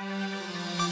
Música